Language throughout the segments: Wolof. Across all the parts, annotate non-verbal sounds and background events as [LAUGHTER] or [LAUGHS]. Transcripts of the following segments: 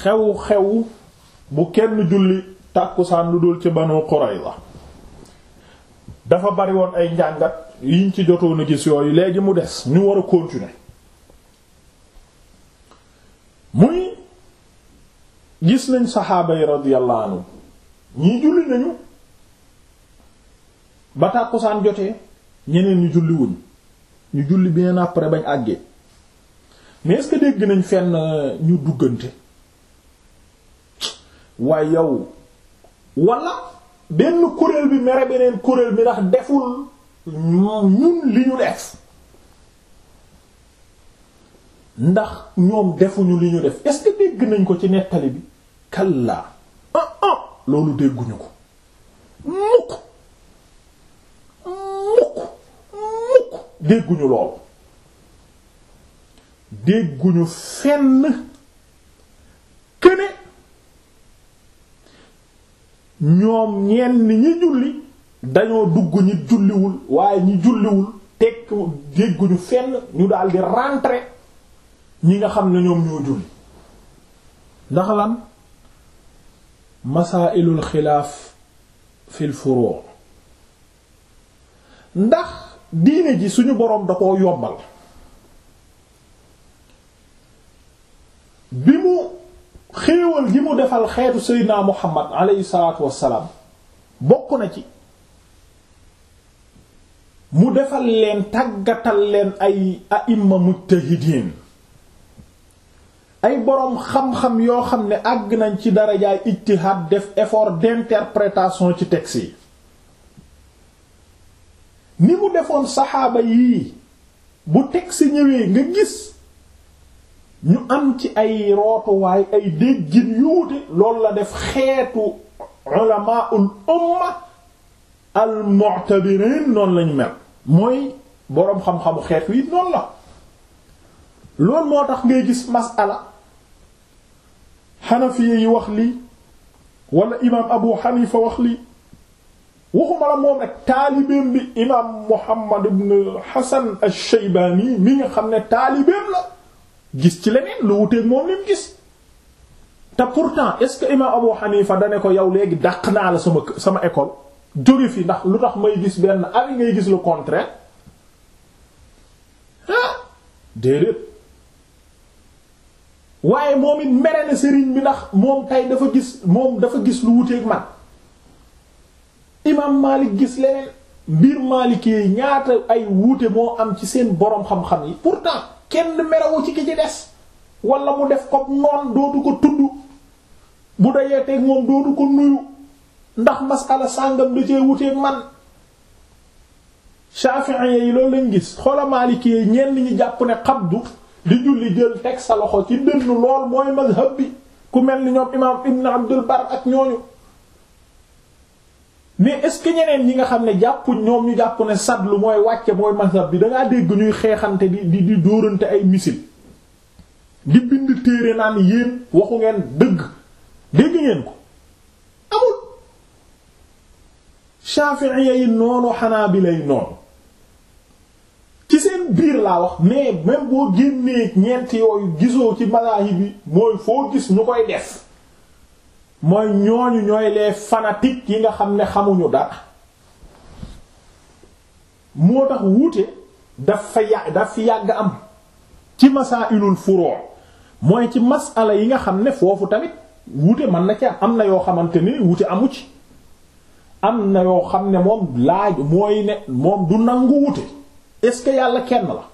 xew xew bu kenn julli tàkkusaan lu dul ci Banu Qurayza dafa bari woon ay njàngat yiñ ci jotoon a gis yooyu léegi mu des ñu war a continuer muy gis nañ saxaaba yi radiyallahu anhu ñii julli nañu ba tàkkusaan jotee ñeneen ñu julli wuñ ñu julli bien après bañ àggee mais est-ce que dégg nañ fenn euh, ñu duggante waaye yow wala benn kuréel bi mere beneen kuréel bi ndax deful ñun li ñu def ndax ñoom defuñu li ñu def est-ce dégg nañ ko ci nettali bi kallaa ah, ah loolu dégguñu ko mukk mukk mukk dégguñu loolu dégguñu fenn këne ñoom ñenn ñi julli dañoo dugg ñi julliwul waaye ñi julliwul tekk dégguñu fenn ñu daldi rentrer ñi nga xam ne ñoom ñoo julli ndax lan masaailul xilaaf fil furu' ndax diine ji suñu boroom da koo yombal bi mu xéewal ji mu defal xeetu seydinaa muhammad aleyhi salaatu wassalaam bokk na ci mu defal leen tàggatal leen ay aima mujtahidiin ay boroom xam-xam yoo xam ne àgg nañ ci darajaay ijtihaad def effort d'interprétation ci texte yi ni mu defoon saxaaba yii bu texte ñëwee nga gis ñu am ci ay rootuwaay ay déggin yuute loolu la def xeetu ulamaul umma al mu'tabirin noonu lañu mel mooy boroom xam-xamu xeetu yi noonu la loolu moo tax ngay gis masala xanafiye yi wax lii wala imaam abu xanifa wax lii waxuma la moom taalibeem bi imaam muhammad ibn hasan al shaybaani mi nga xam ne taalibeem la gis ci leneen lu wuteeg moom li mu gis te pourtant est-ce que imam Abu Hanifa da ko yow léegi dàq naa la sama sama école jóge fi ndax lu tax may gis benn ari ngay gis le contraire ah déedéet waaye moom it mere sëriñ bi ndax moom tey dafa gis moom dafa gis lu wuteeg man imam Malik gis leneen mbir Maliki ñaata ay wuute moo am ci seen boroom xam-xam yi pourtant kenn merawu ci ki ci des wala mu def ko noon dootu ko tudd bu dajee teg moom dootu ko nuyu ndax maskala sàngam da ci wuteeg man Shafi'i yi loolu lañ gis xoola Maliki yi ñenn ñi jàpp ne xabdu di julli jël teg sa loxo ci dënn lool mooy mazhab bi ku mel ni ñoom imaam Ibn Abdul Bar ak ñooñu mais est-ce ñeneen ñi nga xam ne jàppuñ ñoom ñu jàpp ne sadlu mooy wàcce mooy mazhab bi dangaa dégg ñuy xeexante bi di di dóorante ay misil di bind téere naan yéen waxu ngeen dëgg dégg ngeen ko amul Shafi'iyya yi noonu Hanabila yi noonu ci seen biir laa wax mais même boo génnee ñeent yooyu gisoo ci mazahib bi mooy foo gis ñu koy def mooy ñooñu ñooy les fanatiques yi nga xam ne xamuñu dara moo tax wuute daf fa yàgg am ci masaa'ilul furu' mooy ci masala yi nga xam ne foofu tamit wuute man na ci am na yoo xamante ni wuute amu ci am na yoo xam ne moom laaj mooy ne moom du nangu wuute est-ce que yàlla kenn la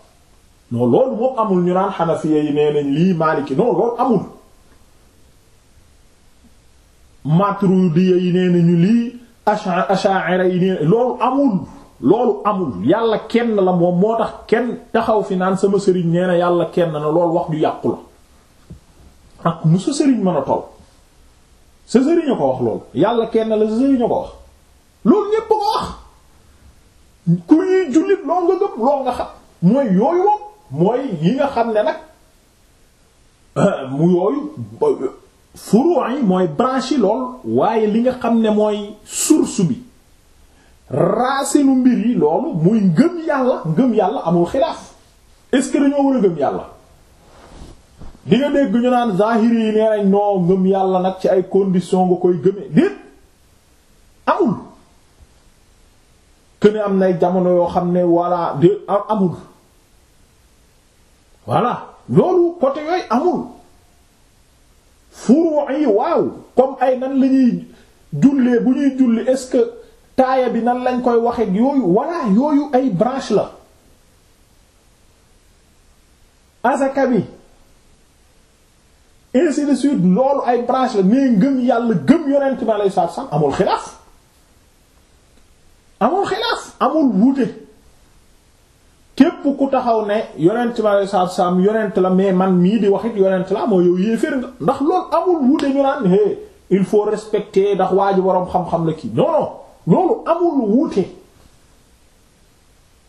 non loolu moo amul ñu naan xanafiya yi nee nañ lii maaliki non loolu amul Maturidi yi nee ñu lii Ash'ari yi nee loolu amul loolu amul yàlla kenn la moom moo tax kenn taxaw fi naan sama sëriñ nee na yàlla kenn na loolu wax du yàqu la ak mu sa sëriñ mën a toll sa sëriñ a ko wax loolu yàlla kenn la sa sëriñ a wax loolu ñépp a wax ku ñuy jullit lool nga gëm lool nga xam mooy yooyu moom mooy yi nga xam ne nag [LAUGHS] mu yooyu furuu yi mooy branche lool waaye li nga xam ne mooy source bi raacinu mbir yi loolu muy ngëm yàlla ngëm yàlla amul xilaaf est-ce que dañoo war a gëm yàlla di nga dégg ñu naan zahiri yi nee noo ngëm yàlla nag ci ay conditions nga koy gëmee déet amul këne am nay jamono yoo xam ne walla déet amul voilà loolu côté yooyu amul furu yi waaw comme ay nan lañuy ñuy jullee bu ñuy julli est-ce que taaya bi nan lañ koy waxeek yooyu walla yooyu ay branche la azaka bi ainsi de suite loolu ay branche la mais ngëm yàlla gëm yonent bi alayhi salaatu salaam amul xilaaf amul xilaaf amul wuute képp ku taxaw ne yonent ma lay saab saab yonent la mais man mii di waxit yonent la moo yow yéeféer nga ndax loolu amul wuute ñu naan hé il faut respecter ndax waa ji boroom xam-xam la kii non non loolu amul wuute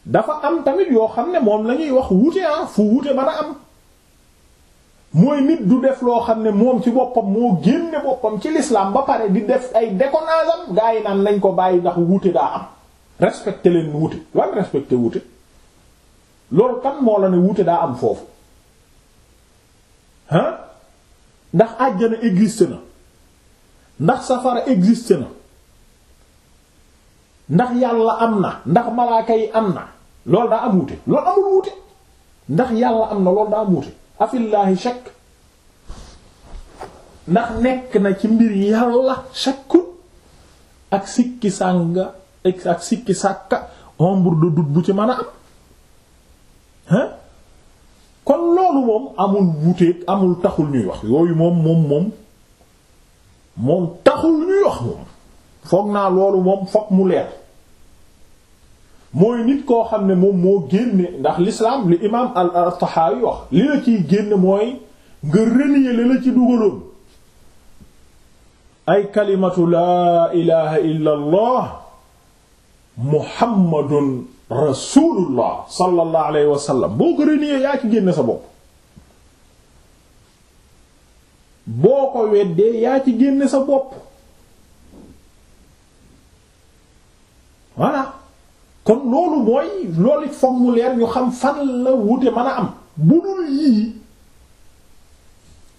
dafa am tamit yoo xam ne moom la ñuy wax wuute ah, fu wuute mën am mooy nit du def loo xam ne moom ci boppam moo génne boppam ci l'islam ba pare di def ay déconnage am yi naan nañ ko bàyyi ndax wuute daa am respecté leen wuute wan respecté wuute loolu kan moo la ne wuute daa am foofu hein ndax àjjana existe na ndax safara existe na ndax yàlla am na ndax malaaka yi am na loolu daa am wuute loolu amul wuute ndax yàlla am na loolu daa am wuute afillaahi shakk ndax nekk na ci mbir yàlla shakkut ak sikki sànga ak sikki sàkka ombre de doute bu ci mën a am kon loolu moom amul wuute amul taxul ñuy wax yooyu moom moom moom moom taxul ñuy wax moom foog naa loolu moom foog mu leer mooy nit koo xam ne moom moo génne ndax l'islam li imaam al-Tahawi wax li la ciy génne mooy nga relier li la ci dugaloon ay kalimatu laa ilaha illa allah rasulullah sallallahu alayhi wa sallam boo ko renier yaa ci génne sa bopp boo ko weddee yaa ci génne sa bopp voilà kon loolu mooy loolu formulaire ñu xam fan la wute mën a am bu dul yii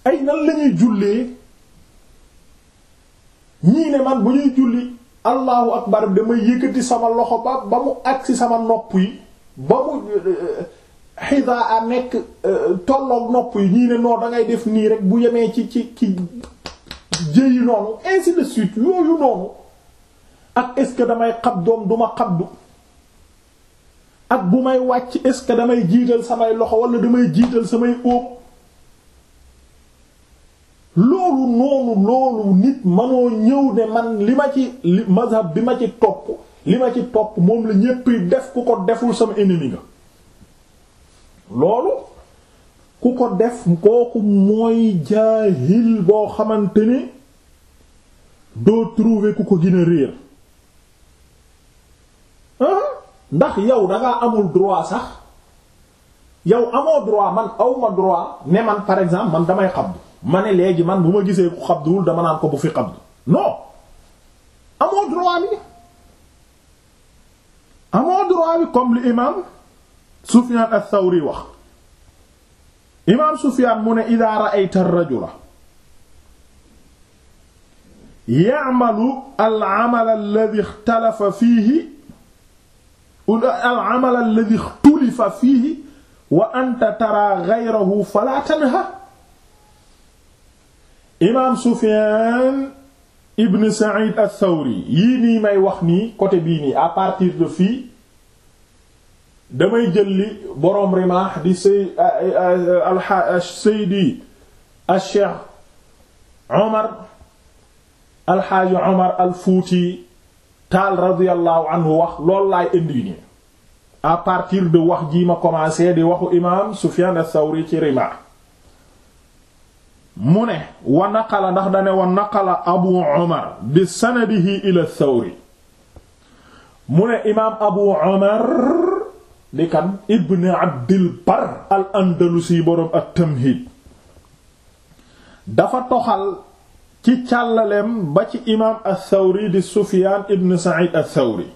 ay nan lañuy jullee ñii ne man bu ñuy julli allahu akbar damay yëkkati sama loxo ba ba mu agsi sama nopp yi ba mu euh, xida a nekk euh, tolloog nopp yi ñii ne noo da ngay def nii rek bu yemee ci ci ci jëyi noonu ainsi de suite yooyu noonu ak est-ce que damay xabdoom duma xabdu ak bu may wàcc est-ce que damay jiital samay loxo wala damay jiital samay óom loolu noonu loolu nit manoo ñëw ne man li ma ci li mazhab bi ma ci topp li ma ci topp moom la ñépp def ku ko deful sama ennemi nga loolu ku ko def kooku mooy jaahil boo xamante ne doo trouver ku ko gën a réer ndax yow dangaa amul droit sax yow amoo droit man awma droit ne man par exemple man damay xabdu ma ne léegi man bu ma gisee ku xabduwul dama naan ko bu fi xabdu non amoo droit bi amoo droit bi comme li imam Sufyan ath-Thawri wax imam Sufyan mu ne idha ra'ayta ar-rajula ya'malu al-'amala alladhi ikhtalafa fihi al-'amala alladhi ikhtulifa fihi wa anta tara ghayrahu fala tanha imaam Sufyaan ibn Sa'id ath-Thawri yii nii may wax nii côté bii nii à partir de fii damay jël li boroom Rimaax di say al Seydi al-Cheikh Omar al-Haaji Omar al-Fuuti Taal radiyallahu wax loolu laay indi à partir de wax jii ma commencé di waxu imaam Sufyaan ath-Thawri ci Rimaax mu ne wa naqala ndax dane wa naqala abu omar bi sanadihi ila thawri mu ne imaam abu omar ibn abdil bar al andalusi boroom at tamhid dafa toxal ci càllaleem ba ci imaam al thawri di sufiyaan ibn said al thawri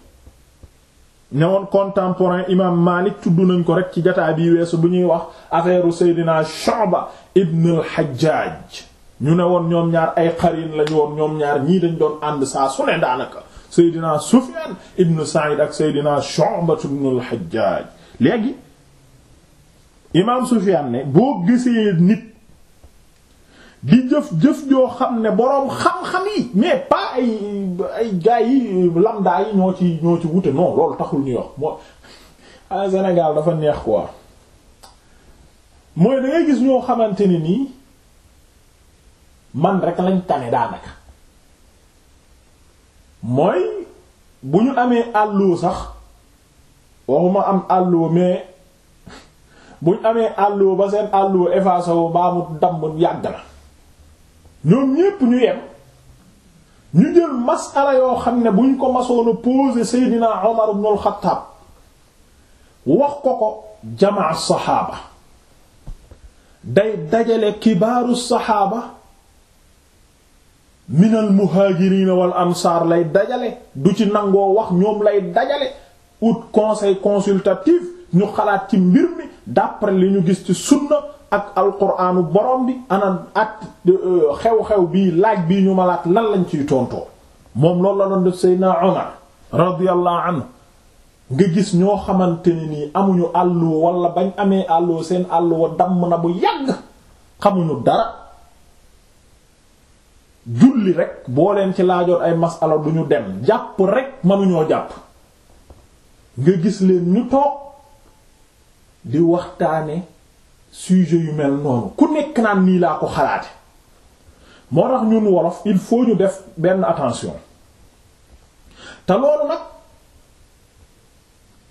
ñewoon contemporain imam Malik tudd nañ ko rek ci jataay bi weesu bu ñuy wax affaire Seydina Shu'ba ibn al-Hajjaj ñu ne woon ñoom ñaar ay xarin lañu woon ñoom ñaar ñii dañ doon ànd saa su ne daanaka Seydina Sufyan ibn Sa'id ak Seydina Shu'ba ibn al-Hajjaj léegi imam ne boo gisee nit li jëf-jëf joo xam ne boroom xam-xam yi mais pas ay gaa yi lambda yi ñoo ci ñoo ci wute non loolu taxul ñu wax moo a [LAUGHS] Sénégal dafa neex quoi mooy da gis ñoo xamante ni nii man rek lañ tane daanaka mooy bu ñu amee àlluwa sax waxuma am àlluwa mais [LAUGHS] buñ amee àlluwa ba seen àlluwa effacé wu baa mu damm yàgg na ñoom ñépp ñu yem ñu jël masala yoo xam ne buñ ko masoon a posé Seydina Omar ibn al wax ko ko jamaa saxaaba day dajale kibaaru saxaaba min al muhaajiriin wal ansaar lay dajale du ci nangoo wax ñoom lay dajale ut conseil consultatif ñu xalaat ci mbir mi d'après li ñu gis ci sunna ak alquraanu borom bi ana at euh, xew-xew bii laaj bii ñu malaat laaj lan lañ ciy tontoo moom lool la doon def Seydina Omar radiyallahu gis ñoo xamante ne nii amuñu àll wala bañ amee àllu seen àllu wa damm na bu yàgg xamuñu dara julli rek boo leen ci laajoon ay masala du dem jàpp rek mënuñoo jàpp nga gis leen ñu toog di waxtaane sujet yu mel noonu ku nekk naan nii laa ko xalaate moo tax ñun wolof il faut ñu def benn attention te loolu nag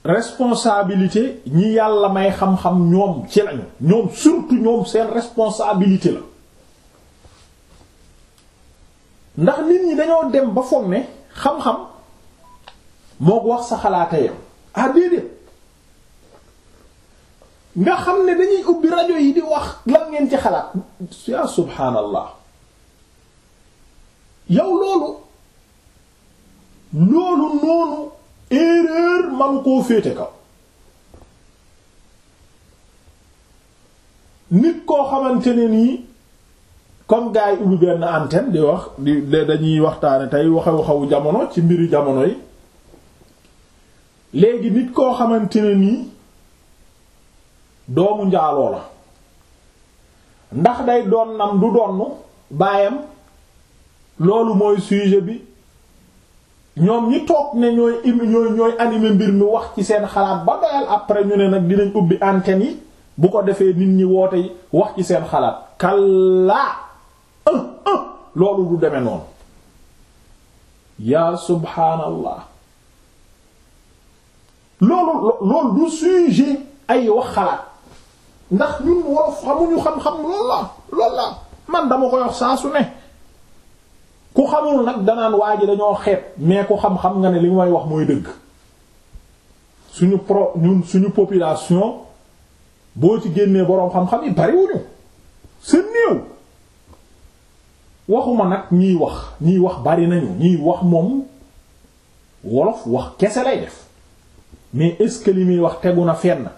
responsabilité ñi yàlla may xam-xam ñoom ci lañu ñoom surtout ñoom seen responsabilité la ndax nit ñi dañoo dem ba foog ne xam-xam moo ko wax sa xalaata yam ah déedéet nga xam ne dañuy ubbi rajo yi di wax lan ngeen ci xalaat yaa subhaanallah yow loolu loolu noonu erreur manu koo féete kaw nit koo xamante ne nii comme gars yi ubbi benn antenne di wax di dañuy waxtaane tey waxew jamono ci mbiri jamono yi léegi nit koo xamante ne nii doomu njaaloo la ndax day doon nam du donn baayam loolu mooy sujet bi ñoom ñi toog ne ñooy im ñooy ñooy animer mbir mi wax ci seen xalaat ba doyal après ñu ne nag dinañ ubbi antenne yi bu ko defee nit ñi woote wax ci seen xalaat kallaa loolu du deme noonu yaa subhaanallah loolu loolu du sujet ay wax xalaat ndax ñun wolof xamuñu xam-xam lool la lool la man dama koy wax saa su ne ku xamul nag danaan waa ji dañoo xeeb mais ku xam-xam nga ne li may wax mooy dëgg suñu pro suñu population boo ci génnee boroom xam-xam yi bariwuñu seen wax ñiy wax bari nañu ñiy wax moom wolof wax kese lay def mais est-ce que li muy wax tegu na fenn.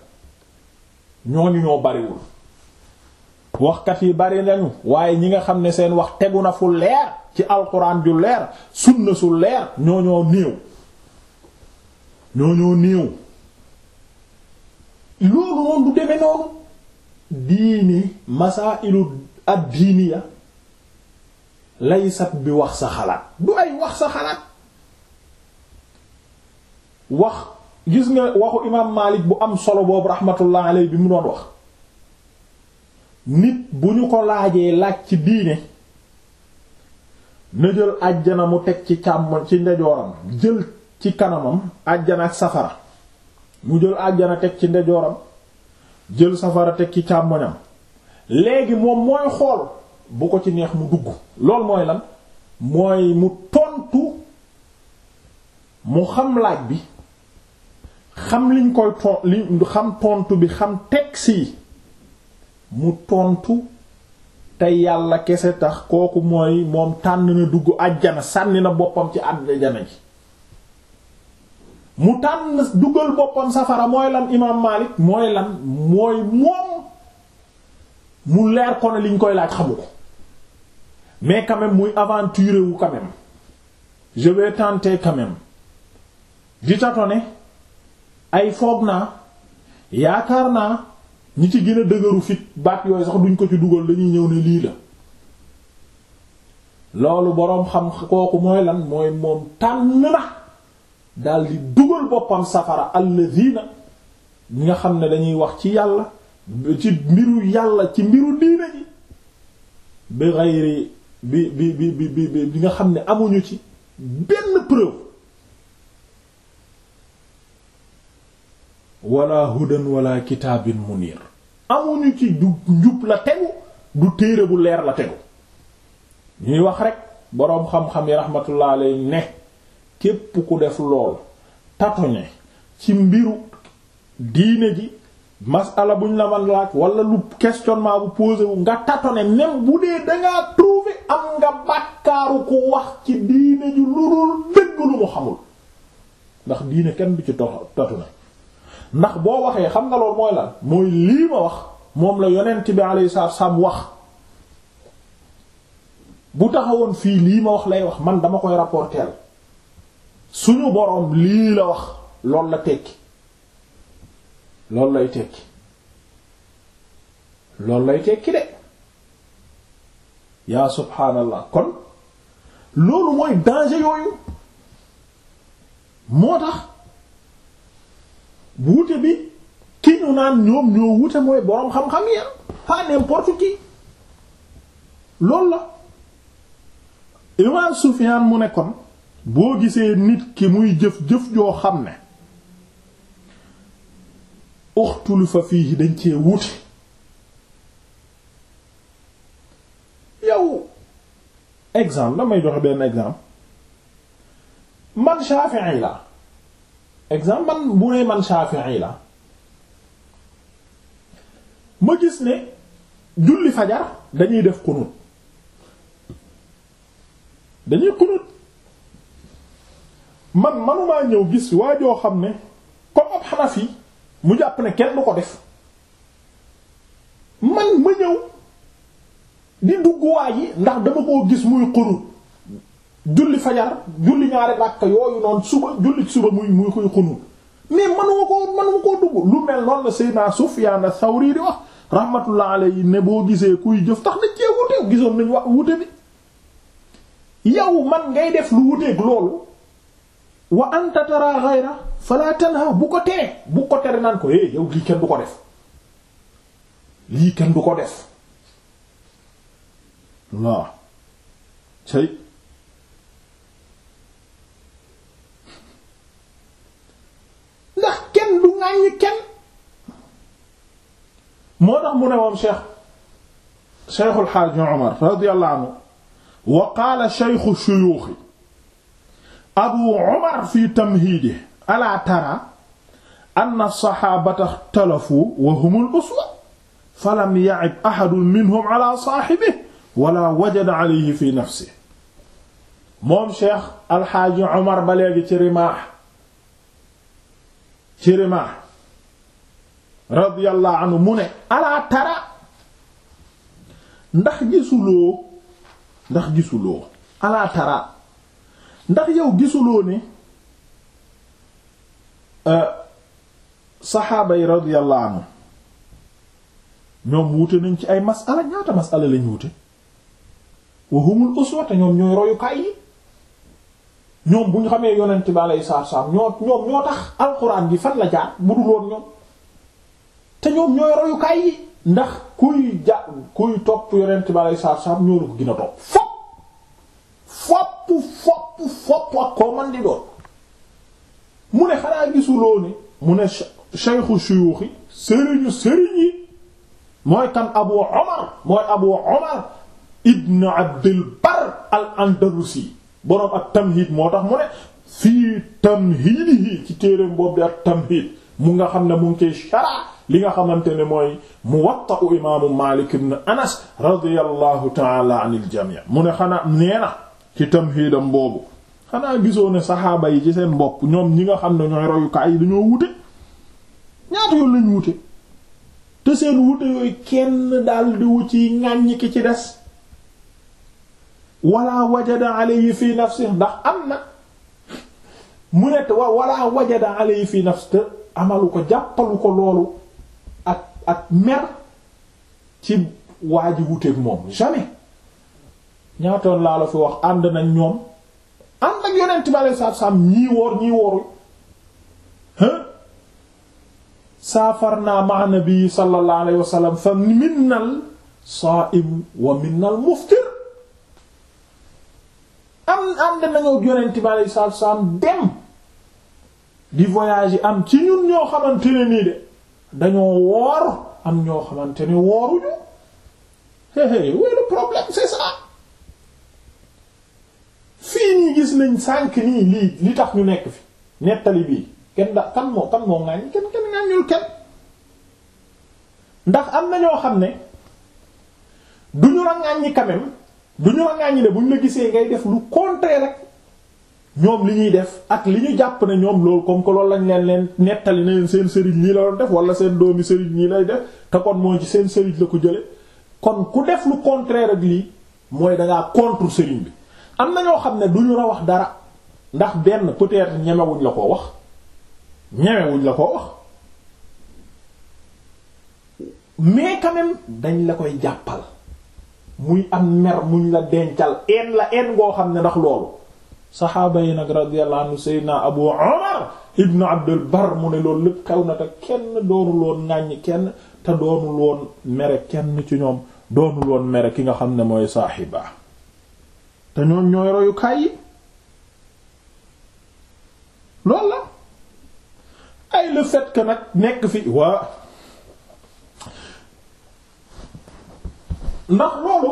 ñooñu ñoo bariwul waxkat yi bari nañu waaye ñi nga xam ne seen wax tegu na fu leer ci alxuraan ju leer sunna su leer ñoo ñoo néew ñoo ñoo néew loolu moom du demee noonu diini masailu ad diiniya laysat bi wax sa xalaat du ay wax sa xalaat wax gis nga waxu imaam Maalik bu am solo boobu rahmatullah alayhi bi mu doon wax nit bu ñu ko laajee laaj ci diine na jël àjjana mu teg ci càmm ci ndejooram jël ci kanamam àjjana ak mu jël àjjana teg ci ndejooram jël safara teg ci càmmoñam léegi moom mooy xool bu ko ci neex mu dugg lool mooy lan mooy mu tontu mu xam laaj bi xam liñ koy ton li xam tontu bi xam teg yi mu tontu te yàlla kese tax kooku mooy moom tànn na dugg àjjana sànni na boppam ci àjjana ji mu tànn duggal boppam safara mooy lan imaam Maalik mooy lan mooy moom mu leer ko liñ koy laaj xamu ko mais quand même muy aventurer wu quand même je di tâtonner ay foog naa yaakaar naa ñi ci gën a dëgëru fit baat yooyu sax duñ ko ci dugal dañuy ñëw ne lii la loolu boroom xam kooku mooy lan mooy moom tànn na daldi dugal boppam safara alladina ñi nga xam ne dañuy wax ci yàlla ci mbiru yàlla ci mbiru diina ji bi xayri bi bi bi bi bi bi nga xam ne amuñu ci benn preuve wala hudan wala kitaabin munir amuñu ci du njub la tegu du téere bu leer la tegu ñuy wax rekk boroom xam-xam yi rahmatullah alayhi ne képp ku def lool tatoñe ci mbiru diine ji masala buñ la man laaj wala lu questionnement bu posé wu nga tatone même bu dee dangaa trouver am nga bàkkaaru ku wax ci diine ju lu dul dëgg lu mu xamul ndax diine kenn du ci tox tatone ndax boo waxee xam nga loolu mooy lan mooy lii ma wax moom la yonent bi alayhi salaatu salaam wax bu taxawoon fii lii ma wax lay wax man dama koy rapporter suñu boroom lii la wax loolu la tekki loolu lay tekki loolu lay tekki de yaa subhaanallah kon loolu mooy danger yooyu moo tax wuute bi ki ñu naan ñoom ñoo wuute mooy borom xam-xam ya ah, pas n'importe qui la imam Sufyaan mu nekkoon boo gisee nit ki muy jëf-jëf joo xam ne uxtulu fa fii dañ cee wuute yow exemple damay joxe benn exemple man Shafi'i la exemple man bu nee man Shafi'i la ma gis ne julli fajar dañuy def qunut dañuy qunut man manumaa ñëw gis waa joo xam ne comme ab Hanafi mu jàpp ne kenn du ko def man ma ñëw di dugg waa yi ndax dama koo gis muy qunut julli fajar julli ñaari ràkk yooyu noonu suba julli suba muy muy koy xunul mais manuma koo manuma koo dugg lu mel noonu la Seydina Sufyaan Sawri di wax rahmatullah alayhi ne boo gisee kuy jëf tax na cee wute gisoon nañ wax wute bi yow man ngay def lu wuteeg loolu wa anta tara ghayra fala tanha bu ko tere bu ko tere naan ko é eh, yow lii kenn du ko def lii kenn du ko def waaw ŋàññi kenn moo tax mu ne woon cheikh cheikhul xaaj Umar radiyallahu anhu wa qaala cheikhu shuyuuxi abu Umar fi tamhiidihi alaa taraa anna saxaabata ixtalafuu wa humul uswa falam ya'ib ahadun minhum alaa saahibihi wala wajada alayhi fi nafsihi moom cheikh alxaaji Umar ba léegi ci Rimaax ci Rimaa radiyallahu anhu mu ne alaa ndax gisuloo ndax gisuloo alaa ndax yow gisuloo ne euh, saxaaba yi radiyallahu anhu ñoom wuute nañ ci ay masala ñaata masala lañ wuute wa humul ñoom ñooy royukaay ñoom bu ñu xamee yonent bi alayhi salaatu salaam ñoo ñoom ñoo tax alxuraan bi fan la jaar bu dul woon ñoom te ñoom ñooy royukaay yi ndax kuy ja kuy topp yonent bi alayhi salaatu salaam ñoo la ko gën a topp fopp fopp fopp fopp ak koo man di doon mu ne xanaa gisuloo ni mu ne shaykhu shuyuukhi sëriñu sëriñ mooy kan abu omar mooy abu omar ibn abdul bar al andalusi boroom ak tamhid moo tax mu ne fii tamhidihi ci téereem boobu di ak tamhid mu nga xam ne mu ngi koy shara li nga xamante ne mooy muwatta u imaamu Maalik ibn Anas radiyallahu taala anil jamii mu ne xanaa nee na ci tamhidam boobu xanaa gisoo ne saxaaba yi ci seen bopp ñoom ñi nga xam ne ñooy royukaay yi dañoo wute ñaata yoon lañ wute te seen wute yooyu kenn daal di wu ci ŋàññi ki ci des wala wajada alayhi fi nafsi ndax am na mu ne te wala wajada alayhi fi nafsi te amalu ko jàppalu ko loolu ak ak mer ci waa ji wuteeg moom jamais ñaatoon laa la fi wax ànd nañ ñoom ànd ak yonent bi alei satu salaam ñii woor ñii wooru saafarna nabi sallallahu alayhi fa minnal saa'im wa minnal muftir ànd nañoo yonent bi aleyhi salaatu dem di voyage am ci ñun ñoo xamante ne nii de dañoo woor am ñoo xamante ne wooruñu hey hey le problème c'est ça fii nii gis nañ sànq nii lii li tax ñu nekk fi nettali bii kenn da kan moo kan moo ŋaañ kenn kenn ŋaañul kenn ndax am na ñoo xam ne duñu la ŋaañi quand même. du ñu la ŋàññi bu ñu la gisee ngay def lu contraire rek ñoom li ñuy def ak li ñu jàpp ne ñoom loolu comme que loolu lañ leen leen nettali ne seen sëriñ lii la doon def wala seen doomi sëriñ ñii lay def te kon moo ci seen sëriñ la ko jële kon ku def lu contraire ak lii mooy dangaa contre sëriñ bi am na ñoo xam ne du ñu la wax dara ndax benn peut-être ñemewuñ la koo wax ñemewuñ la koo wax mais quand dañ la koy jàppal muy am mer muñ la dencal een la een ngoo xam ne ndax loolu saxaaba yi nag radiyallahu anhu seydina abu omar ibnu abdul bar mu ne loolu lépp xew na te kenn doonul woon ŋàññ kenn te doonul woon mere kenn ci ñoom doonul woon mere ki nga xam ne mooy saaxiba te ñoom ñooy royukaay yi loolu la ay le fait que nag nekk fi waa ndax loolu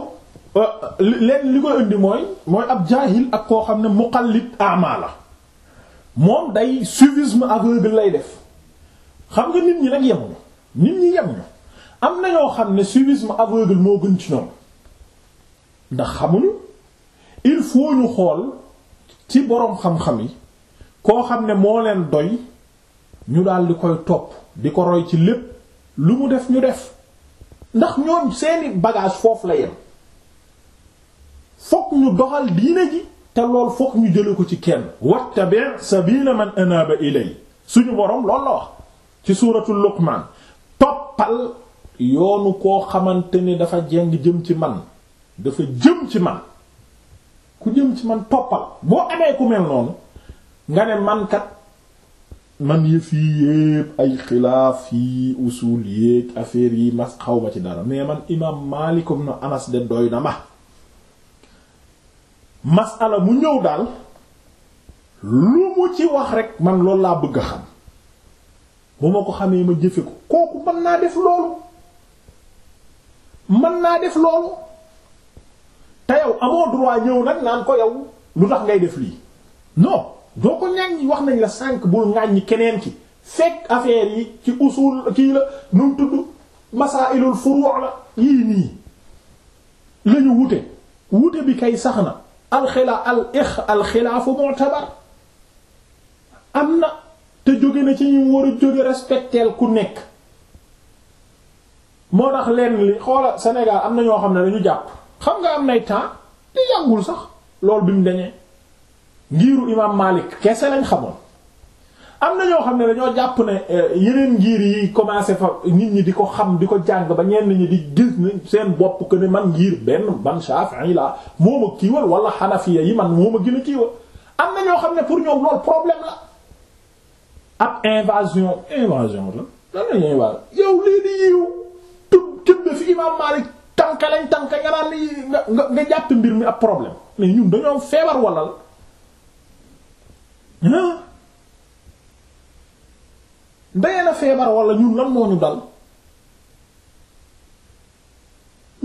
euh, leen li koy indi mooy mooy ab jaahil ak koo xam ne muqallid ama la moom day suivisme aveugle lay def xam nga nit ñi nag yemuñu nit ñi yemuñu am na ñoo xam ne suivisme aveugle moo gën ci ñoom ndax xamuñu il faut ñu xool ci boroom xam-xam yi koo xam ne moo leen doy ñu daal di koy topp di ko roy ci lépp lu mu def ñu def ndax ñoom seeni bagaas foofu la yem fokk ñu doxal diine ji te lool fokk ñu jële ko ci kenn wattabi' sabila man anaba ilay suñu boroom loolu la wax ci suuratul luqmaan toppal yoonu koo xamante ni dafa jeng jëm ci man dafa jëm ci man ku jëm ci man toppal boo amee ku mel noonu nga ne man man yëf yi yépp ay xilaaf yi usul yéeg affaire yi mas xaw ma ci dara mais man imaam Maalik ibn Anas de doy na ma masala mu ñëw daal lu mu ci wax rek man loolu laa bëgg a xam bu ma ko xamee ma jëfe ko kooku mën naa def loolu mën naa def loolu te yow amoo droit ñëw nag naan ko yow lu tax ngay def lii non doo ko yi wax nañ la sànq bul ŋàññi keneen ki fekk affaire yi ci usul kii la nu mu tudd masailul furu' la yii nii lañu wute wute bi kay sax na alxila al ix alxilaafu mu'tabar am na te jóge na ci ñu war a jóge respecteel ku nekk moo tax lenn li xoola Sénégal am na ñoo xam ne dañu jàpp xam nga am nay temps te yàggul sax loolu bi mu dañee ngiiru imaam Malik kese lañ xamoon am na ñoo xam ne dañoo jàpp ne eh, yeneen ngiir yi commencé fa nit ñi di ko xam di ko jàng ba ñenn ñi di gis ne seen bopp que ne man ngiir benn ban Shafi'i la moo ma kiiwal wala Hanafiya yi man moom ma gën a kiiwal am na ñoo xam ne pour ñoom loolu problème la ab invasion invasion la lan lañuy wax yow lii di yiw tub nga jàpp mbir mi ab problème mais ñun dañoo feebar wala la ndeyeen a feebar wala ñu lan moo ñu dal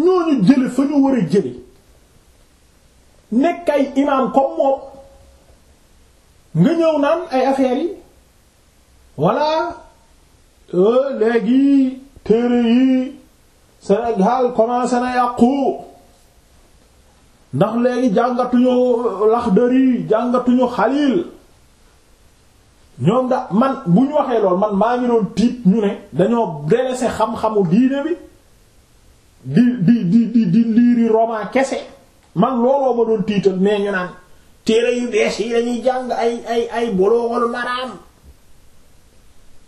ñoo ñu jële fa ñu war a jële nekk ay imaam comme moom nga ñëw naan ay affaires yi voilà euh, léegi téere yi Sénégal commencé na yàqu ndax léegi jàngatuñu Laxdari jàngatuñu Xalil ñoom da man bu ñu waxee lool man maa ngi doon tiit ñu ne dañoo délaissé xam-xamu diine bi di di di di liiri roman kese man looloo ma doon tiital mais ñu naan téere yu bees yi dañuy jàng ay ay ay bolooxalu maraam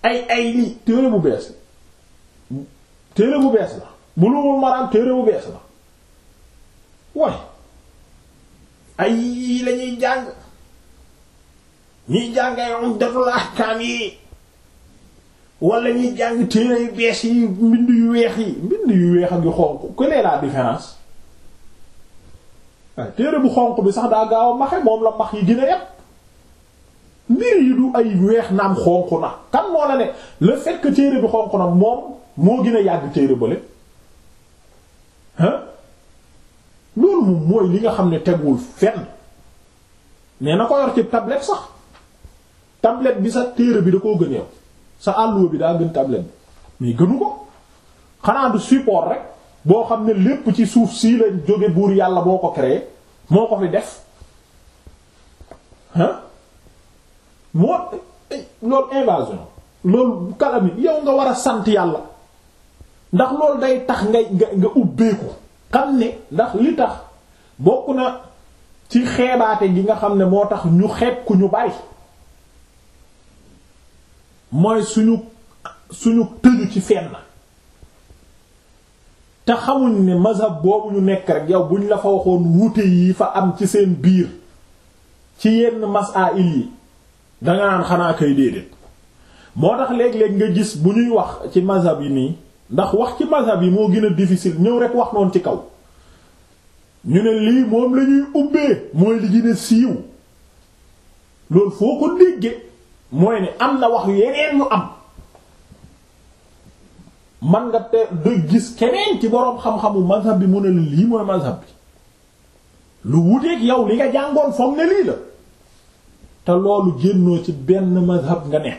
ay ay lii téere bu bees la téere bu bees la bolooxalu maraam téere bu bees la waaye ay yii lañuy jàng ñiy jàngay Umdatul Ahkaam yi wala ñiy jàng téere yu bees yi mbind yu weex yi mbind yu weex ak yu xonq quelle est la différence waaye téere bu xonq bi sax daa gaaw a maxe moom la max yi gën a yépp yi du ay weex naam xonq na kan moo la ne le fait téere bi xonq na moom moo gën a yàgg téere bële hein mooy li nga xam ne tegul fenn mais na ko yor ci tablette sax tablette bi sa téere bi da koo gën yow sa àlluwa bi daa gën tablette bi mais gënu ko xanaa du support rek boo xam ne lépp ci suuf sii lañ jóge buur yàlla boo ko créé moo ko fi def ah moo eh, loolu invasion loolu kalamit yow nga war a sant yàlla ndax loolu day tax nga nga ubbeeku xam ne ndax li tax bokk na ci xeebaate gi nga xam ne moo tax ñu xeeb ku ñu bari mooy suñu suñu tëju ci fenn te xamuñ ne mazhab boobu ñu nekk rek yow buñ la fa waxoon wuute yi fa am ci seen biir ci yenn masaa'il yi danga naan xanaa kay déedéet moo tax léeg-léeg nga gis bu ñuy wax ci mazhab yi nii ndax wax ci mazhab yi moo gën a diffisil ñëw rekk wax noonu ci kaw ñu ne lii moom la ubbee mooy li gën siiw loolu foo ko déggee mooy ne am na wax yeneen ñu am man nga te de gis keneen ci boroom xam-xamu mazhab bi mu ne lii mooy mazhab bi lu wuteeg yow li nga jàngoon foog ne lii la te loolu génnoo ci benn mazhab nga ne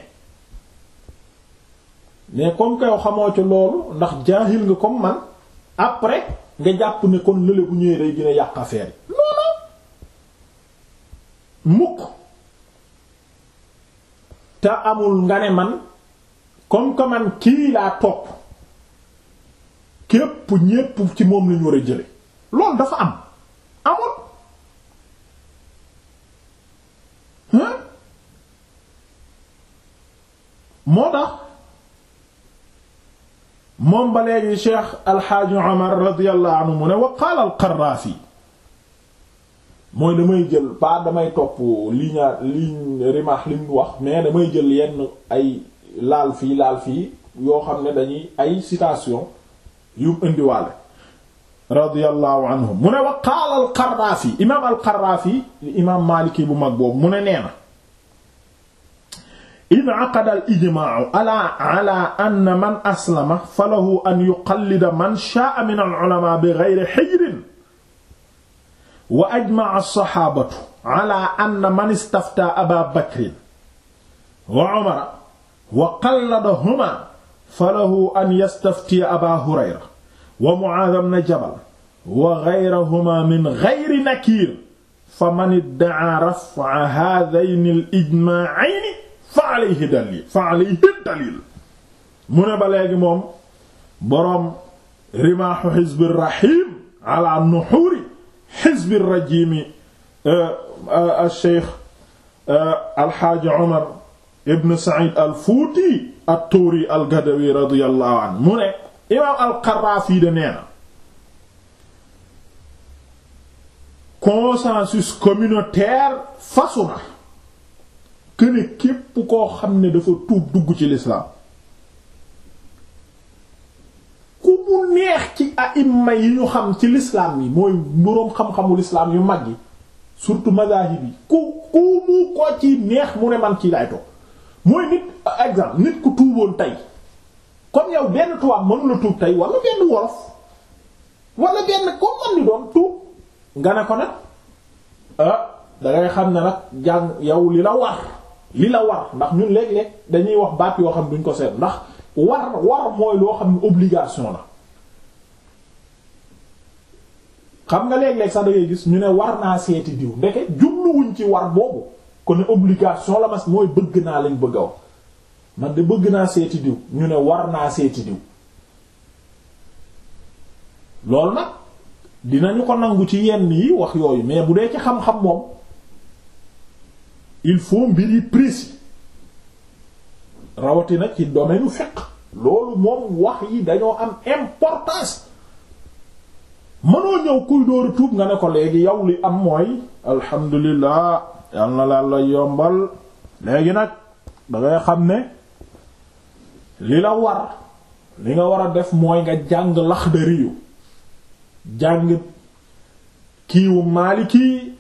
mais comme que xamoo ci loolu ndax jaahil nga comme man après nga jàpp ne kon lële bu ñëwee day gën a yi mukk te amul nga ne man comme que man kii laa topp képp ñépp ci moom lañu war a jële loolu dafa am amul hein moo tax moom ba léegi Cheikh Al Hadj Omar radiyallahu mu ne wa qaala al-Qaraafi mooy damay jël pas damay topp ligne ligne rimaax li mu wax mais damay jël yenn ay laal fii laal fii yoo xam ne dañuy ay citation yu indiwaale radiyallahu anhum mu ne imaam al-Qaraafi bu mag mu ne nee na inaqada al ijmaau ala ala anna man aslama falahu an yuqallida man sha'a min al-ulamaa bi ghayri hijrin wa ajmaa alsaxaabatu ala ann man istafta aba bakrin wa umara wa qalladahuma fa lahu an yastaftiya aba hurayra wa muaaz bna jabal wa gayrahuma min gayri nakiir fa man iddaa rafca haadayni alijmaacayni fa alayhi daliil fa alayhi daliil mu ne ba léegi moom boroom rimaaxu xizbir raxiim ala nuxuuri xizbi rajimi euh, euh, alcheikh euh, alxaaji omar ibn said al fuuti attuuri algadawi radiallahu an mu ne imaam alqaraafi da nee na consensus communautaire fasu na këne képp koo xam ne dafa tuub dugg ci lislaam mu neex ci aimma yi ñu xam ci l'islam yi mooy boroom xam-xamu l'islam yu mag yi surtout mazahib yi ku ku mu ko ci neex mu ne man ci lay toog mooy nit exemple nit ku tuuboon tey comme yow benn tubaab mënu la tuub tey wala benn wolof wala benn comme man ni doon tuub nga ne ko nag ah dangay xam ne nag jàng yow li la war li la war ndax ñun léeg-léeg dañuy wax baat yoo xam duñ ko seet ndax war war mooy loo xam ne obligation la xam nga léeg-léeg sax da gis ñu ne war naa seeti diw ndeke jubluwuñ ci war boobu kon obligation la mas mooy bëgg naa lañ bëgg a wax man de bëgg naa seeti diw ñu ne war naa seeti diw loolu nag dinañu ko nangu ci yenn yi wax yooyu mais bu dee ci xam-xam moom il faut mbir yi précis rawatina ci domaine u fiqh loolu moom wax yi dañoo am importance mënoo ñëw kuy dóoru tuub nga ne ko léegi yow li am mooy alhamdulilah yal na la la yombal léegi nag dangay xam ne li la war li nga war a def mooy nga jàng laxdariyu jàng kiiwu maaliki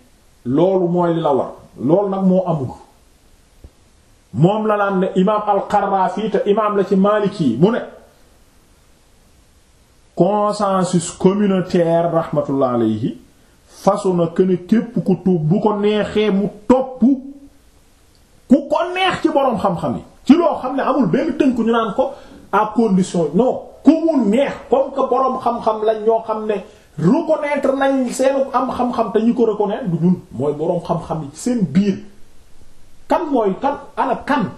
loolu mooy li la war loolu nag moo amul moom la naan ne imaam al-Qaraafi te imaam la ci maaliki mu ne consensus communautaire rahmatullah alayhi façon na que ne képp ku tuub bu ko neexee mu topp ku ko neex ci boroom xam-xam yi ci loo xam ne amul benn tënku ñu naan ko à condition non ku mu neex comme que boroom xam-xam lañ ñoo xam ne reconnaître nañ seen am xam-xam te ñu ko reconnaître du ñun mooy boroom xam-xam yi seen biir kan mooy kan ana kan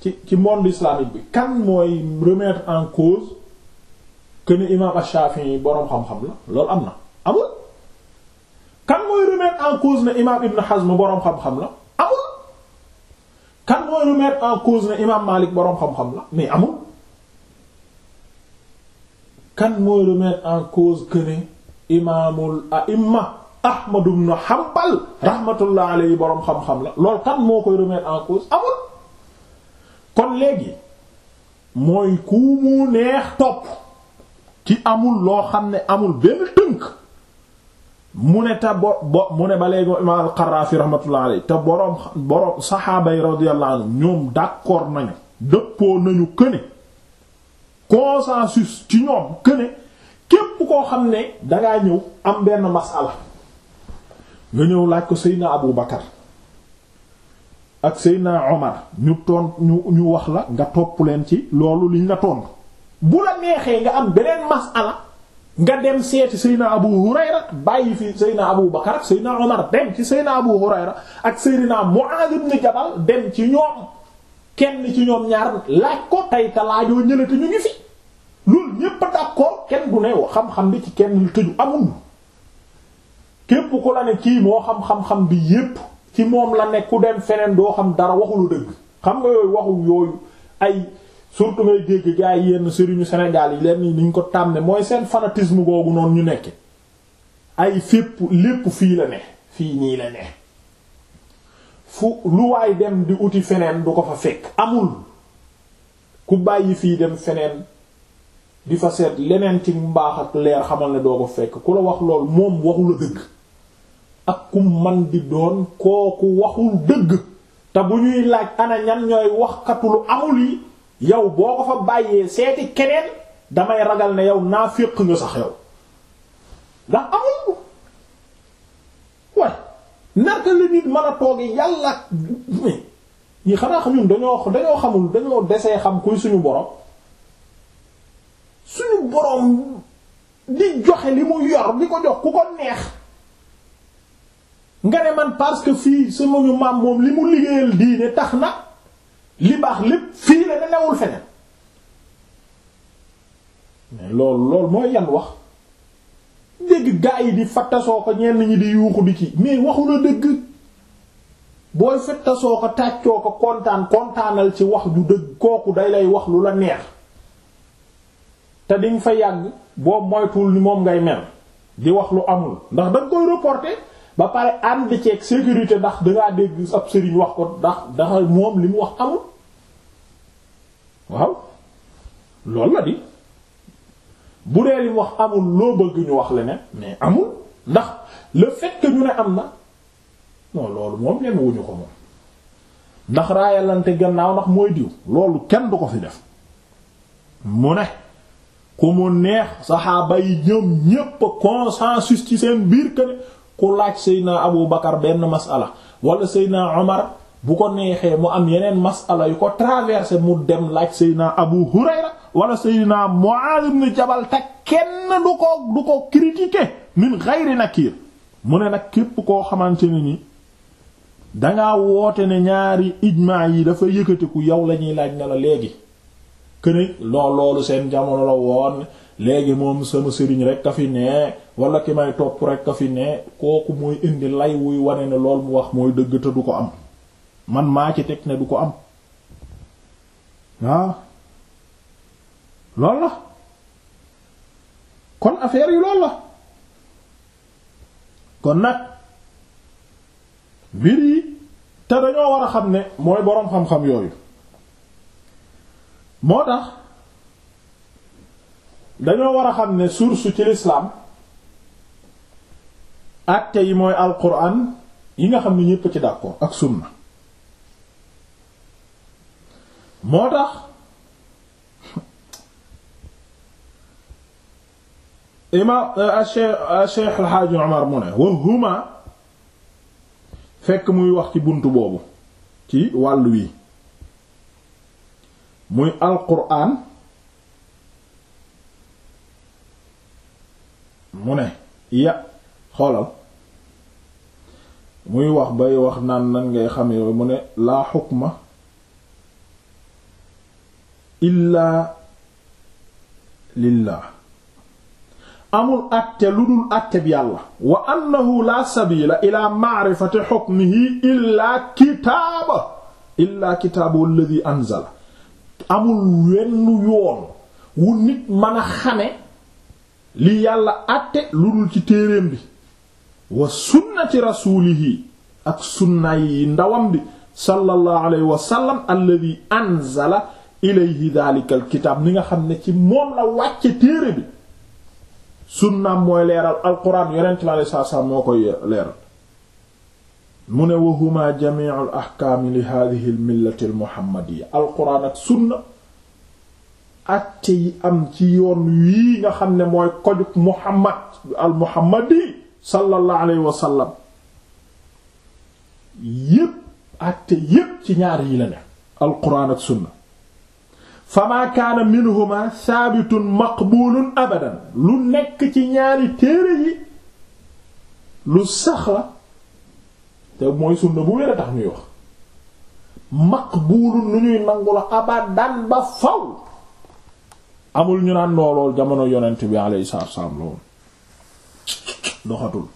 ci ci monde islamique bi kan mooy remettre en cause këni imaam Ash-Shafi'i boroom xam-xam la loolu am na amul kan mooy remettre en cause ne imaam Ibn Hazm boroom xam-xam la amul kan mooy remettre en cause ne kan mooy remettre en cause que ne imaamul a'imma Ahmad ibn rahmatullah alayhi boroom xam-xam la lool kan moo koy remettre en cause amul kon léegi mooy ku mu neex topp. ci amul loo xam ne amul benn tënk mu ne te bo bo mu ne ba léegi imam al rahmatullah alayhi te boroom boroom saxaaba ñoom d'accord nañu dëppoo nañu këne consensus ci ñoom këne képp koo xam ne dangaa ñëw am benn masala nga ñëw laaj ko Seydina Abu Bakar ak Seydina Omar ñu toon ñu wax la nga topp leen ci loolu liñ la tontu bu la neexee nga am beneen masala nga dem seeti Seyna Abu Hurayra bàyyi fi Seyna Abu Bakar ak Seyna Omar dem ci Seyna Abu Hurayra ak Seyna Mu'adh ibn Jabal dem ci ñoom kenn ci ñoom ñaar laaj ko tey te laajoo ñële ñu ngi fi loolu ñépp d'accord kenn du ne xam-xam bi ci kenn lu tëju amul képp ku la ne kii moo xam-xam-xam bi yépp ci moom la ne ku dem feneen doo xam dara waxulu dëgg xam nga yooyu waxu yooyu ay surtout ngay dégg gaa yi yenn sëriñu Sénégal yi leen ni ñu ko tàmm mooy seen fanatisme googu noonu ñu nekk ay fépp lépp fii la ne fii nii la ne fu lu waay dem di wuti feneen du ko fa fekk amul ku bàyyi fii dem feneen di fa seet leneen ci mbaax ak leer xamal ne doo ko fekk ku la wax lool moom waxula dëgg ak ku man di doon kooku waxul dëgg te bu ñuy laaj ana ñan ñooy waxkatu lu amul yi yow boo ko fa bàyyee seeti keneen damay ragal ne yow naafiq nga sax yow ndax amul waaye narka la nit mën a toogi yàlla ñi xanaa xam ñun dañoo xamul dañoo desee xam kuy suñu borom suñu borom di joxe li mu yor di ko jox ku ko neex nga ne man parce que fii sama ñu maam moom li mu liggéeyal diine tax na li baax lépp fii la ne newul feneen mais loolu mooy yan wax dégg gaa yi di fattasoo ko ñenn ñi di yuuxu di ci mais waxu la dëgg booy fattasoo ko tàccoo ko kontaan kontaanal ci wax ju dëgg kooku day lay wax lu la neex te diñ fa yàgg boobu moytuwul ni moom ngay mel di wax lu amul ndax danga koy reporter ba pare ànd ceeg sécurité ndax dangaa dégg ab sëriñ wax ko ndax ndax moom li mu wax amul waaw loolu la di bu dee li wax amul loo bëgg ñu wax leneen mais amul ndax la fekk que ne am na non loolu moom ñeme wuñu ko moom ndax raayalante gannaaw ndax mooy diw loolu kenn du ko fi def mu ne ku mu neex saxaaba yi ñoom ñépp consensus ci seen biir que ku laaj Seydina Abu Bakar benn masala walla Seydina Omar bu ko neexee mu am yeneen masala yu ko traversé mu dem laaj Seydina Abu Hurayra wala Seydina Mu'adh ibn Jabal te kenn du ko du ko critiquer min ghayri nakir mu ne nag képp koo xamante ne ni danga woote ne ñaari ijmaa yi dafa yëkkatiku yow la ñuy laaj ne la léegi këni loolu seen jamono la woon léegi moom sama sëriñ rek a fi ne wala ki may topp rek a fi ne kooku mooy indi lay wuy wane ne lool mu wax mooy dëgg te ko am man maa ci teg ne du ko am waaw ah. loolu la kon affaire yi lool la kon nag mbir yi te dañoo war a xam ne mooy boroom xam-xam yooyu moo tax dañoo war a xam ne source ci l'islam acte yi mooy alquran yi nga xam ne ñépp ci d'accord ak sunna moo tax imaam euh, Cheikh El Hadj Omar mu ne wa huma fekk muy wax ci bunt boobu ci wàll wi muy alquran mu ne ya xoolal muy wax bay wax naan nan ngay xam yow mu ne laa xukma illaa lillah amul àtte lu dul àtte bi yàlla wa annahu la sabila ila ma'rifati hukmihi illaa kitaaba illaa kitaabu alladhi anzala amul wenn yoon wu nit mën a li yàlla àtte lu dul ci téeréem wa sunnati rasuulihi ak sunna yi ndawam bi sallallahu alayhi wa sallam anzala ilayhi daalikal kitaab mi nga xam ne ci moom la wàcce téere bi sunnaam mooy leeral alquran yonent la saa moo koy leeral mu ne wa huma jami'ul ahkaami li hadhihi yi am ci yoon wii nga xam ne mooy kojuk muhammad al muhammadi sallallahu alayhi yépp acce yépp ci ñaar yi la ne alquran ak sunna fama kaana minhuma saabitun maqbulun abadan lu nekk ci ñaari téere yi lu sax la te mooy sunna bu wér a tax ñuy wax maqbulun lu ñuy nangu la abadan ba faw amul ñu naan loolool jamono yonent bi alayhi salaatu la woon doxatul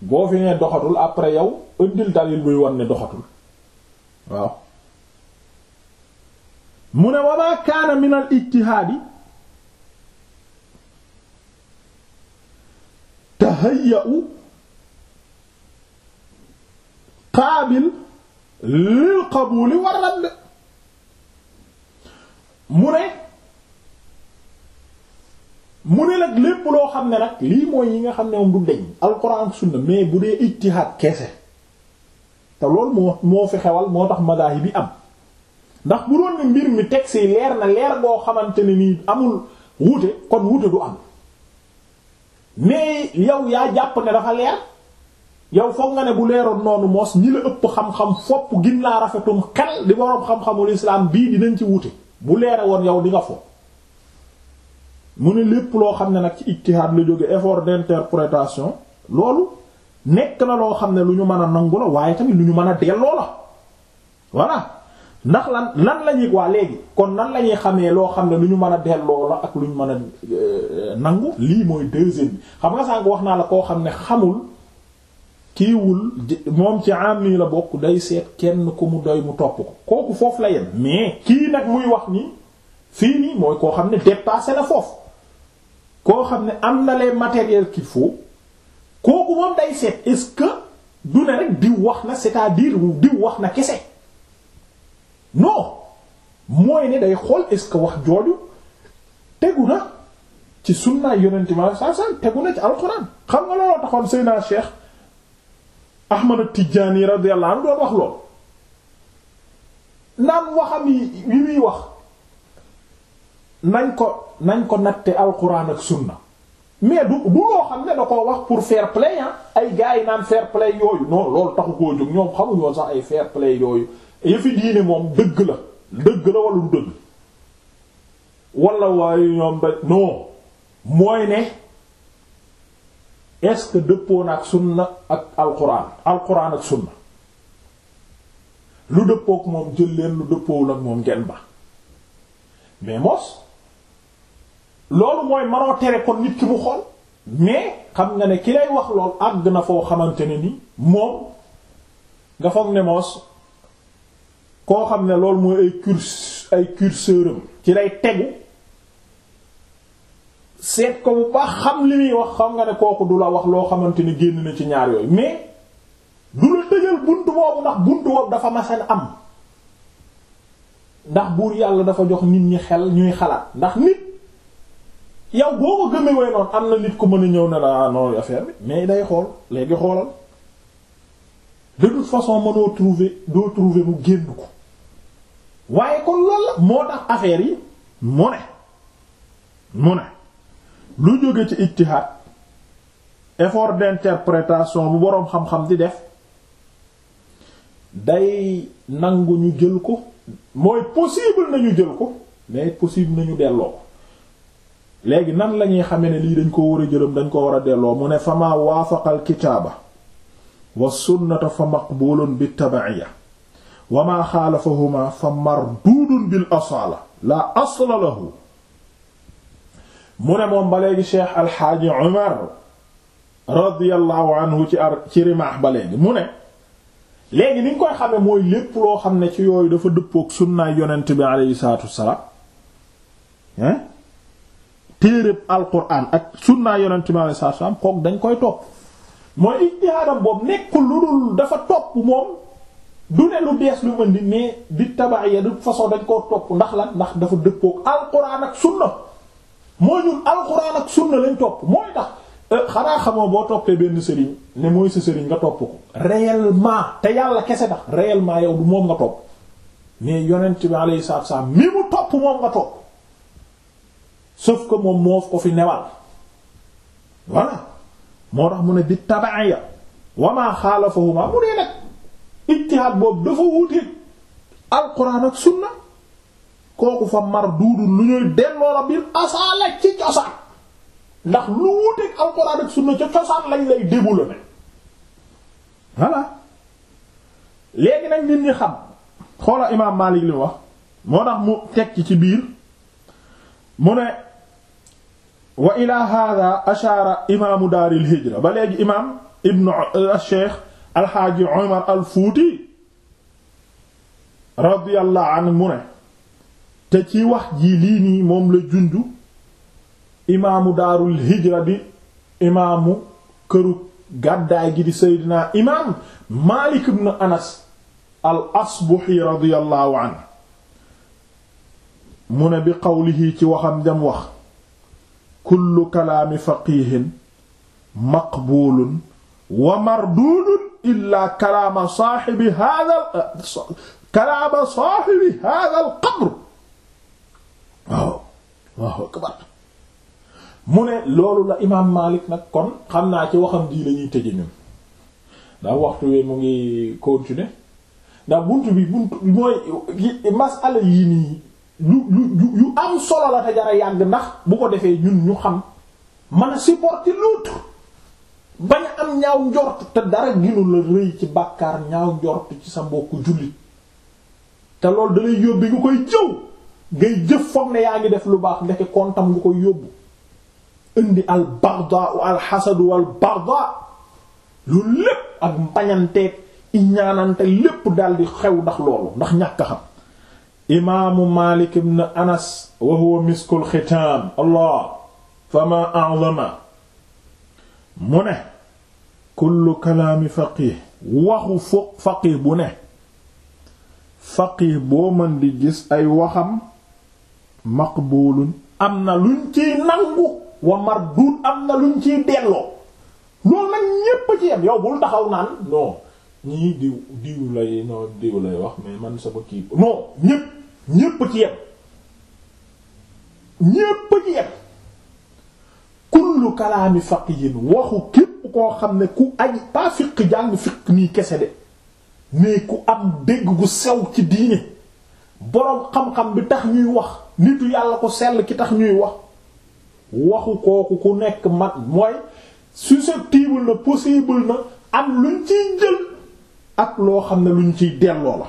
boo fi nee doxatul après yow ëndil dalil buy wan ne doxatul waaw mu ne wa maa kaana min al ijtihaadi tahayya'u qaabil lil qabuuli wa mu ne mu ne nag lépp loo xam ne nag lii mooy yi nga xam ne moom du deñ alquran ak sunna mais bu dee ijtihaad kese te loolu moo moo fi xewal moo tax madaahib bi am ndax bu doon ne mbir mi teg si leer na leer boo xamante ne nii amul wuute kon wuute du am mais yow yaa jàpp ne dafa leer yow foog nga ne bu leeroon noonu moos ñi la ëpp xam-xam fopp gin laa rafetum xel di boroom xam-xamul islam bii dinañ ci wuute bu leere woon yow di nga mu ne lépp loo xam ne nag ci ijtihaad la jóge effort d'interprétation loolu nekk na loo xam ne lu ñu mën a nangu la waaye tamit lu ñu mën a delloo la voilà ndax lan lan la ñuy waa léegi kon nan la ñuy xamee loo xam ne lu ñu mën a delloo la ak lu ñu mën a euh, nangu lii mooy deuxième bi xam nga sànq wax naa la koo xam ne xamul kiiwul moom ci am nii la bokk day seet kenn ku mu doy mu topp ko kooku foofu la yem mais kii nag muy wax nii fii nii mooy koo xam ne dépassé la foofu koo xam ne am na leen matériels qu'il faut kooku moom day seet est-ce que du ne rek diw wax na c'est-à-dire diw wax na kese non mooy ne day xool est-ce que wax jooju tegu na ci sunnaay yonent ma saa saa tegu na ci alxuraan xam nga looloo taxoon Seydina Cheikh Ahmad Tijaani radiyallahu anhu doon wax lool naan waxam yi yi muy wax nañ ko nañ ko natte alxuraan ak sunna mais du du loo xam ne da koo wax pour fair play ah ay gars yi naan fair play yooyu non loolu taxu koo jóg ñoom xamuñoo sax ay fair play yooyu yëfi diine moom dëgg la dëgg la wala du dëgg wala waaye ñoom ba non mooy ne est-ce que dëppoon ak sunna ak alquran alquran ak sunna lu dëppook moom lu dëppoowul ak moom ngeen ba mais mos loolu mooy manoo tere kon nit ki mu xool mais xam nga ne ki lay wax lool àgg na foo xamante ne ni moom nga foog ne moos koo xam ne loolu mooy ay curse ay curseur ci lay tegu seet ko bu baax xam li muy wax xam nga ne kooku du la wax loo xamante ni génn na ci ñaar yooyu mais du la tëjal buntu boobu ndax buntu boobu dafa masal am ndax buur yàlla dafa jox nit ñi xel ñuy xalaat ndax nit yow boo ko gëmee way noonu am na nit ku mën a ñëw ne la ah non bi mais day xool léegi xoolal. de toute façon mënoo trouvé doo trouver mu génn ko waaye kon loolu moo tax affaire yi mu ne mu ne lu jóge ci ijtihaad effort d'interprétation bu boroom xam-xam di def day nangu ñu jël ko mooy possible nañu jël ko mais possible nañu delloo léegi nan lañuy xame ne lii dañ ko war a jëlam dañ ko war a delloo mu ne famaa waafaqal kitaaba wa sunnata fa maqbulun bi tabaciya wa maa xaalafahuma fa marduudun bil asaala laa asla lahu mu ne moom ba léegi cheikh alxaaji umar radiyallahu anhu ci ar ci rimaax ba léegi mu ne léegi ni koy xamee mooy lépp loo xam ne ci yooyu dafa dëppook sunnaay yonent bi aleyhi salaatu wassalaam hein téeréb alquran ak sunnaay yonent bi aleyhi salaatu wassalaam kook dañ koy topp mooy ijtihaadam boobu nekkul lu dul dafa topp moom du ne lu bees lu mën di mais bi tabaaya de façon dañ koo topp ndax la ndax dafa dëppook alquran ak sunna mooy ñun alquran ak sunna lañ topp mooy tax euh, xanaa xamoo boo toppee benn sëriñ ne mooy sa sëriñ nga topp ko réellement te yàlla kese tax réellement yow du moom nga topp mais yonent bi alayhi salaatu salaam mu topp moom nga topp sauf que moom moo ko fi newal voilà moo tax mu ne bi tabaiya wamaa xaalafahuma mu nee nag ijtihaad boobu dafa wuute alquran ak sunna kooku fa mar duudu lu ñuy delloo la biir asaala ci cosaan ndax lu wuuteeg alquran ak sunna ca cosaan lañ lay déglu ne voilà léegi nag nit ñi xam xoola imaam Maalik li wax moo tax mu teg ci ci biir mu ne wa ila hada ashaara imaamu daaril hijra ba léegi imaam ibnu cheikh alxaaji omar al fuuti radiyallahu anhu mu ne te ci wax ji lii nii moom la jundu imaamu daarul hijra bi imaamu këru gàddaay gi di seydina imaam maalik ibnu anas al asbuhi radiyallahu anhu mu ne bi qawlihi ci waxam dem wax kullu kalaami faqihin maqbuulun wa marduudun illaa kalaama saaxibi haadal kalaama saaxibi haadal qabr mu ne loolu la imaam Maalik nag kon xam naa ci waxam ji la ñuy tëje ñun waxtu wi mu ngi continuer ndax buntu bi buntu mooy masala yii yu yu yu am solo la te jara yàgg ndax bu ko defee ñun ñu xam man a supporter l'autre bañ am ñaaw njort te dara ginu la rëy ci bàkkaar ñaaw njort ci sa mbokku jullit te loolu dalay yóbbi nga koy jëw ngay jëf foog ne yaa ngi def lu baax ndeke kontam nga ko yóbbu indi al barda al xasadu wal barda loolu lépp ak mbañanteeg i lépp daldi xew ndax loolu ndax ñàkk xam imaamu Maalik ibn Anas wa huwa miskul xitaam allah fama a'zama mu ne kullu kalaami faqih waxu fo faqih bu ne faqih boo mën di gis ay waxam maqbuulun am na luñ ciy nangu wa marduud am na luñ ciy delloo loolu nag ñépp ci yam yow bul taxaw naan non ñii diw diw lay no diw lay wax mais man sama kii non ñépp ñépp ci yem ñépp ci yem kullu kalaami faqihin waxu képp koo xam ne ku aji pas fiq jàng fiq nii kese de mais ku am dégg gu sew ci diine boroom xam-xam bi tax ñuy wax nitu yàlla ko sell ki tax ñuy wax waxu kooku ku nekk mag mooy susceptible na possible na am luñ ciy jël ak loo xam ne luñ ciy delloo la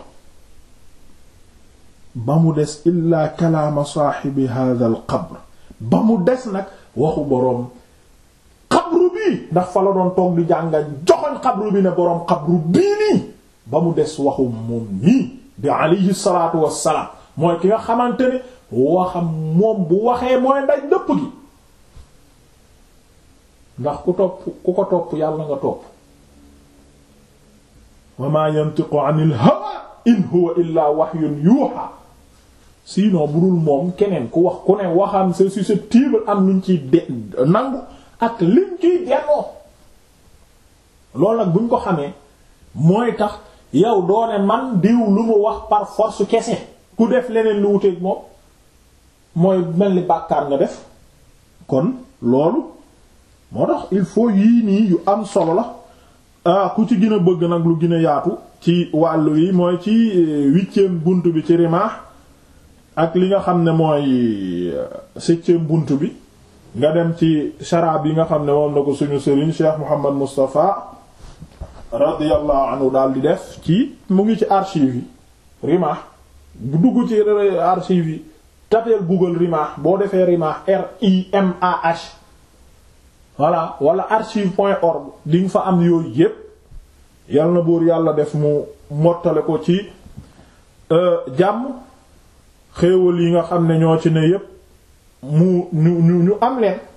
ba mu des illaa kalaama saaxibi hadha al ba mu des nag waxu boroom xabru bii ndax fa la doon toog lu jànga joxoñ xabru bi ne boroom xabru bii nii ba mu des waxu moom nii bi alayhi salaatu wassalaam mooy ki nga xamante ne waxam moom bu waxee mooy ndaj dëpp gi ndax ku topp ku ko topp yàlla nga topp wa ma yantiqu anil hawa in huwa illa wahyun yuha sinon bu dul moom keneen ku wax ku ne waxam c'est susceptible am luñ ci de nangu ak liñ ciy delloo loolu nag buñ ko xamee mooy tax yow doone man diw lu mu wax par force kese ku def leneen lu wuteeg moom mooy mel ni bàkkaar nga def kon loolu moo tax il faut yii nii yu am solo la ah ku ci gën a bëgg nag lu gina yaatu ci wàll yi mooy ci eh, huitième bunt bi ci rimaax ak li nga xam ne mooy eh, septième bunt bi nga dem ci sharaab yi nga xam ne moom na ko suñu sëriñ Cheikh Mouhammad Moustapha radiyallahu anhu daal di def ci mu ngi ci archive yi rimaax bu dugg ci archive yi tapeel Google rimaax boo defee rimaax R I M voilà wala archive point org di fa am yooyu yépp yal na buur yàlla def mu mottale ko ci euh, jàmm xéewal yi nga xam ne ñoo ci ne yépp mu ñu ñu ñu am leen